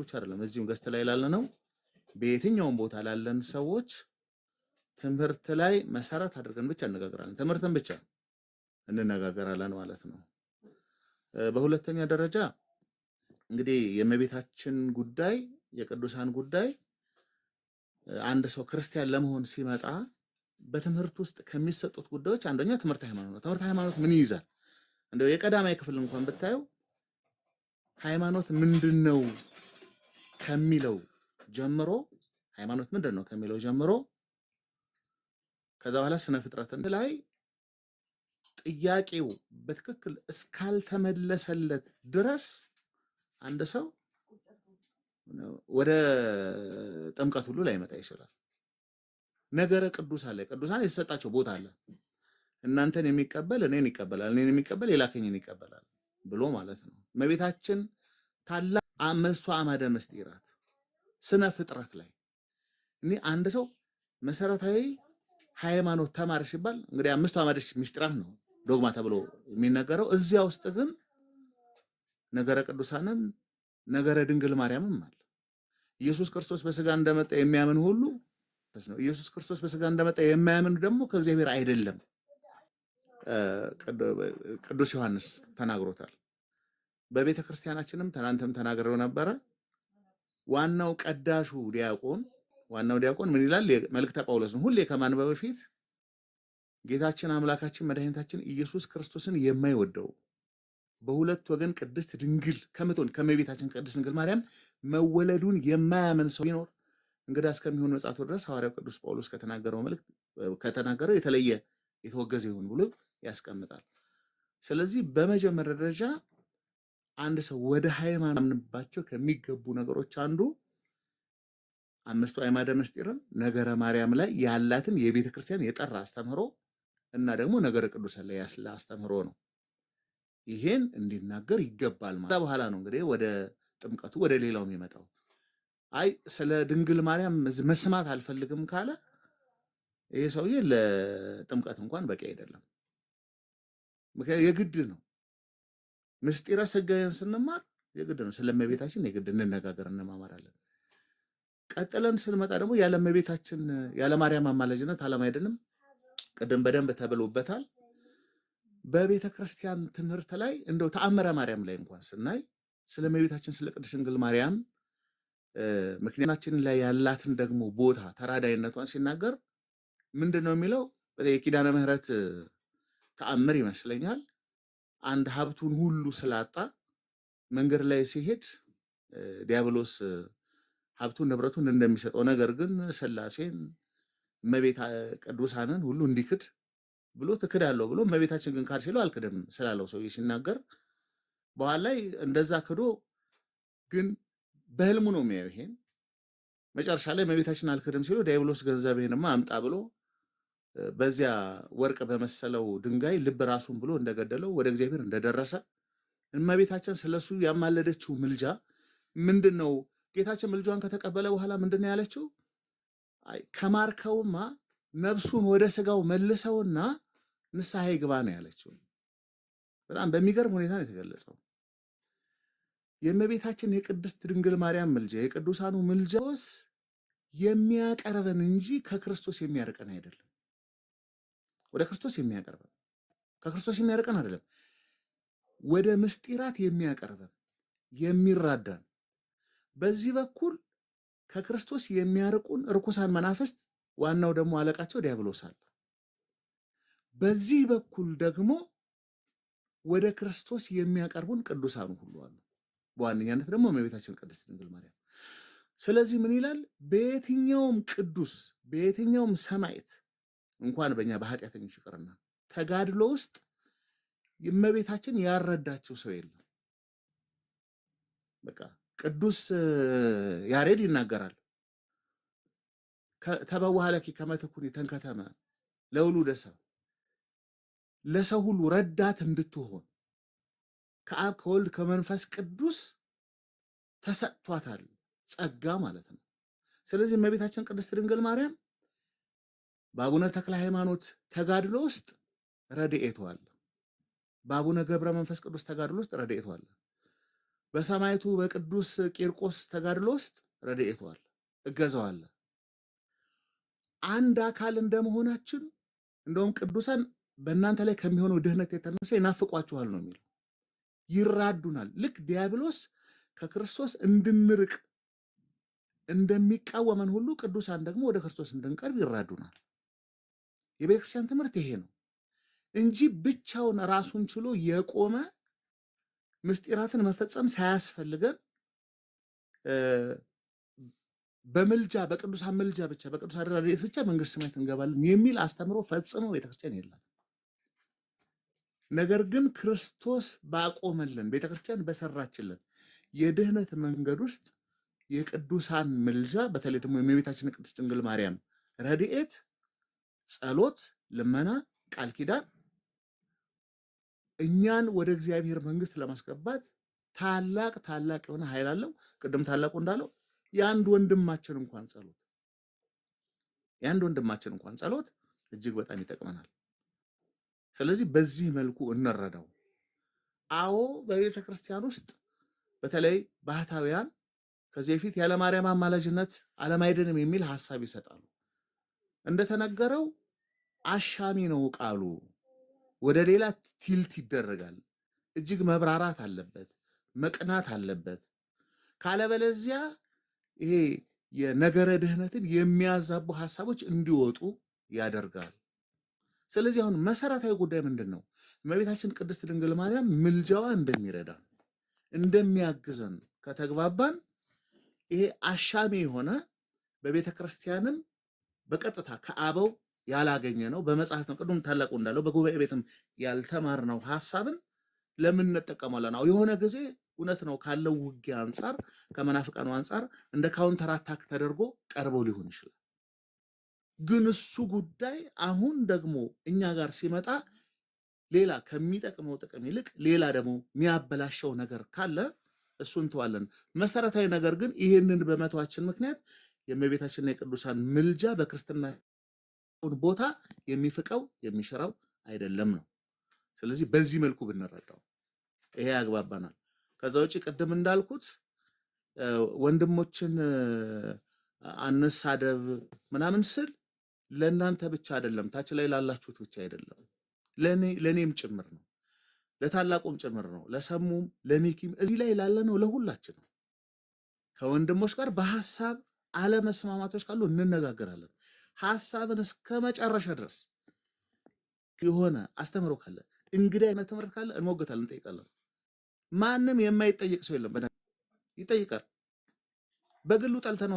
ብቻ አይደለም እዚህም ገስት ላይ ላለ ነው በየትኛውም ቦታ ላለን ሰዎች ትምህርት ላይ መሰረት አድርገን ብቻ እነጋገራለን። ትምህርትን ብቻ እንነጋገራለን ማለት ነው። በሁለተኛ ደረጃ እንግዲህ የእመቤታችን ጉዳይ የቅዱሳን ጉዳይ አንድ ሰው ክርስቲያን ለመሆን ሲመጣ በትምህርት ውስጥ ከሚሰጡት ጉዳዮች አንደኛ ትምህርት ሃይማኖት ነው። ትምህርት ሃይማኖት ምን ይይዛል? እንደው የቀዳማይ ክፍል እንኳን ብታዩ ሃይማኖት ምንድን ነው ከሚለው ጀምሮ ሃይማኖት ምንድን ነው ከሚለው ጀምሮ ከዛ በኋላ ስነ ፍጥረትን ላይ ጥያቄው በትክክል እስካልተመለሰለት ድረስ አንድ ሰው ወደ ጥምቀት ሁሉ ላይመጣ ይችላል። ነገረ ቅዱስ አለ። ቅዱሳን የተሰጣቸው ቦታ አለ። እናንተን የሚቀበል እኔን ይቀበላል፣ እኔን የሚቀበል የላከኝን ይቀበላል ብሎ ማለት ነው። እመቤታችን ታላ አምስቱ አማደ ምስጢራት ስነ ፍጥረት ላይ እኔ አንድ ሰው መሰረታዊ ሃይማኖት ተማሪ ሲባል እንግዲህ አምስቱ አማደ ሚስጢራት ነው ዶግማ ተብሎ የሚነገረው። እዚያ ውስጥ ግን ነገረ ቅዱሳንም ነገረ ድንግል ማርያምም አለ። ኢየሱስ ክርስቶስ በስጋ እንደመጣ የሚያምን ሁሉ ነው። ኢየሱስ ክርስቶስ በስጋ እንደመጣ የማያምን ደግሞ ከእግዚአብሔር አይደለም። ቅዱስ ዮሐንስ ተናግሮታል። በቤተ ክርስቲያናችንም ትናንትም ተናግረው ነበረ። ዋናው ቀዳሹ ዲያቆን ዋናው ዲያቆን ምን ይላል? መልእክተ ነው። ሁሌ ከማንበብ በፊት ጌታችን አምላካችን መድኃኒታችን ኢየሱስ ክርስቶስን የማይወደው በሁለት ወገን ቅድስት ድንግል ከምትሆን ከመቤታችን ቅድስት ድንግል ማርያም መወለዱን የማያምን ሰው ቢኖር እንግዳ እስከሚሆን መጻቱ ድረስ ሐዋርያው ቅዱስ ጳውሎስ ከተናገረው መልእክት ከተናገረው የተለየ የተወገዘ ይሁን ብሎ ያስቀምጣል። ስለዚህ በመጀመሪያ ደረጃ አንድ ሰው ወደ ሃይማኖት አምንባቸው ከሚገቡ ነገሮች አንዱ አምስቱ አይማደ ምስጢርን ነገረ ማርያም ላይ ያላትን የቤተ ክርስቲያን የጠራ አስተምህሮ እና ደግሞ ነገረ ቅዱሳን ላይ ያለ አስተምህሮ ነው። ይሄን እንዲናገር ይገባል ማለት በኋላ ነው እንግዲህ ወደ ጥምቀቱ ወደ ሌላው የሚመጣው። አይ ስለ ድንግል ማርያም መስማት አልፈልግም ካለ ይሄ ሰውዬ ለጥምቀት እንኳን በቂ አይደለም። ምክንያቱም የግድ ነው ምስጢረ ስጋዬን ስንማር የግድ ነው ስለመቤታችን የግድ እንነጋገር እንማማራለን። ቀጥለን ስንመጣ ደግሞ ያለመቤታችን ያለማርያም አማላጅነት ዓለም አይደለም። ቅድም በደንብ ተብሎበታል። በቤተ ክርስቲያን ትምህርት ላይ እንደው ተአምረ ማርያም ላይ እንኳን ስናይ ስለ እመቤታችን ስለ ቅድስት ድንግል ማርያም ምክንያታችን ላይ ያላትን ደግሞ ቦታ ተራዳይነቷን ሲናገር ምንድን ነው የሚለው የኪዳነ ምሕረት ተአምር ይመስለኛል። አንድ ሀብቱን ሁሉ ስላጣ መንገድ ላይ ሲሄድ ዲያብሎስ ሀብቱን ንብረቱን እንደሚሰጠው ነገር ግን ስላሴን እመቤት ቅዱሳንን ሁሉ እንዲክድ ብሎ ትክድ አለው ብሎ እመቤታችን ግን ካድ ሲለው አልክድም ስላለው ሰውዬ ሲናገር በኋላ ላይ እንደዛ ክዶ ግን በህልሙ ነው የሚያየው። ይሄን መጨረሻ ላይ እመቤታችን አልክድም ሲለው ዲያብሎስ ገንዘብህንማ አምጣ ብሎ በዚያ ወርቅ በመሰለው ድንጋይ ልብ ራሱን ብሎ እንደገደለው ወደ እግዚአብሔር እንደደረሰ እመቤታችን ስለሱ ያማለደችው ምልጃ ምንድን ነው? ጌታችን ምልጇን ከተቀበለ በኋላ ምንድን ነው ያለችው? አይ ከማርከውማ ነፍሱን ወደ ስጋው መልሰውና ንስሐ ይግባ ነው ያለችው። በጣም በሚገርም ሁኔታ ነው የተገለጸው። የእመቤታችን የቅድስት ድንግል ማርያም ምልጃ የቅዱሳኑ ምልጃስ የሚያቀርበን እንጂ ከክርስቶስ የሚያርቀን አይደለም። ወደ ክርስቶስ የሚያቀርበን ከክርስቶስ የሚያርቀን አይደለም፣ ወደ ምስጢራት የሚያቀርበን የሚራዳን። በዚህ በኩል ከክርስቶስ የሚያርቁን ርኩሳን መናፍስት ዋናው ደግሞ አለቃቸው ዲያብሎስ አለ። በዚህ በኩል ደግሞ ወደ ክርስቶስ የሚያቀርቡን ቅዱሳኑ ሁሉ አሉ። በዋነኛነት ደግሞ እመቤታችን ቅድስት ድንግል ማርያም። ስለዚህ ምን ይላል? በየትኛውም ቅዱስ በየትኛውም ሰማዕት እንኳን በእኛ በኃጢአተኞች ይቅርና ተጋድሎ ውስጥ እመቤታችን ያረዳቸው ሰው የለም። በቃ ቅዱስ ያሬድ ይናገራል። ተበዋህለኪ ከመትኩን የተንከተመ ተንከተመ ለውሉደ ለሰው ሁሉ ረዳት እንድትሆን ከአብ ከወልድ ከመንፈስ ቅዱስ ተሰጥቷታል ጸጋ ማለት ነው። ስለዚህ እመቤታችን ቅድስት ድንግል ማርያም በአቡነ ተክለ ሃይማኖት ተጋድሎ ውስጥ ረድኤቱ አለ። በአቡነ ገብረ መንፈስ ቅዱስ ተጋድሎ ውስጥ ረድኤቱ አለ። በሰማይቱ በቅዱስ ቂርቆስ ተጋድሎ ውስጥ ረድኤቱ አለ፣ እገዛው አለ። አንድ አካል እንደመሆናችን እንደውም ቅዱሳን በእናንተ ላይ ከሚሆነው ድህነት የተነሳ ይናፍቋችኋል ነው የሚለው። ይራዱናል። ልክ ዲያብሎስ ከክርስቶስ እንድንርቅ እንደሚቃወመን ሁሉ ቅዱሳን ደግሞ ወደ ክርስቶስ እንድንቀርብ ይራዱናል። የቤተክርስቲያን ትምህርት ይሄ ነው እንጂ ብቻውን ራሱን ችሎ የቆመ ምስጢራትን መፈጸም ሳያስፈልገን በምልጃ በቅዱሳን ምልጃ ብቻ በቅዱስ አደራዳሪት ብቻ መንግስት ሰማያት እንገባለን የሚል አስተምሮ ፈጽሞ ቤተክርስቲያን የላትም። ነገር ግን ክርስቶስ ባቆመልን ቤተክርስቲያን በሰራችልን የድህነት መንገድ ውስጥ የቅዱሳን ምልጃ በተለይ ደግሞ የእመቤታችን ቅድስት ድንግል ማርያም ረድኤት ጸሎት፣ ልመና፣ ቃል ኪዳን እኛን ወደ እግዚአብሔር መንግስት ለማስገባት ታላቅ ታላቅ የሆነ ኃይል አለው። ቅድም ታላቁ እንዳለው የአንድ ወንድማችን እንኳን ጸሎት የአንድ ወንድማችን እንኳን ጸሎት እጅግ በጣም ይጠቅመናል። ስለዚህ በዚህ መልኩ እንረዳው። አዎ በቤተ ክርስቲያን ውስጥ በተለይ ባህታውያን ከዚህ በፊት ያለ ማርያም አማላጅነት አለማይድንም የሚል ሀሳብ ይሰጣሉ። እንደተነገረው አሻሚ ነው ቃሉ። ወደ ሌላ ቲልት ይደረጋል። እጅግ መብራራት አለበት፣ መቅናት አለበት። ካለበለዚያ ይሄ የነገረ ድህነትን የሚያዛቡ ሀሳቦች እንዲወጡ ያደርጋል። ስለዚህ አሁን መሰረታዊ ጉዳይ ምንድን ነው? እመቤታችን ቅድስት ድንግል ማርያም ምልጃዋ እንደሚረዳን እንደሚያግዘን ከተግባባን ይሄ አሻሚ የሆነ በቤተ ክርስቲያንም በቀጥታ ከአበው ያላገኘ ነው። በመጽሐፍ ነው ቅዱም ታላቁ እንዳለው በጉባኤ ቤትም ያልተማርነው ሀሳብን ለምን እንጠቀማለን? አዎ የሆነ ጊዜ እውነት ነው ካለው ውጊያ አንጻር ከመናፍቃኑ አንጻር እንደ ካውንተር አታክ ተደርጎ ቀርቦ ሊሆን ይችላል። ግን እሱ ጉዳይ አሁን ደግሞ እኛ ጋር ሲመጣ ሌላ ከሚጠቅመው ጥቅም ይልቅ ሌላ ደግሞ የሚያበላሸው ነገር ካለ እሱ እንተዋለን። መሰረታዊ ነገር ግን ይህንን በመተዋችን ምክንያት የእመቤታችንና የቅዱሳን ምልጃ በክርስትና ቦታ የሚፍቀው የሚሽራው አይደለም ነው። ስለዚህ በዚህ መልኩ ብንረዳው ይሄ ያግባባናል። ከዛ ውጭ ቅድም እንዳልኩት ወንድሞችን አነሳደብ ምናምን ስል ለእናንተ ብቻ አይደለም፣ ታች ላይ ላላችሁት ብቻ አይደለም፣ ለእኔም ጭምር ነው፣ ለታላቁም ጭምር ነው፣ ለሰሙም፣ ለሚኪም፣ እዚህ ላይ ላለነው ለሁላችን ነው ከወንድሞች ጋር በሀሳብ አለመስማማቶች ካሉ እንነጋገራለን። ሀሳብን እስከ መጨረሻ ድረስ የሆነ አስተምሮ ካለ እንግዲህ አይነት ትምህርት ካለ እንሞገታለን፣ እንጠይቃለን። ማንም የማይጠይቅ ሰው የለም። ይጠይቃል። በግሉ ጠልተነዋል።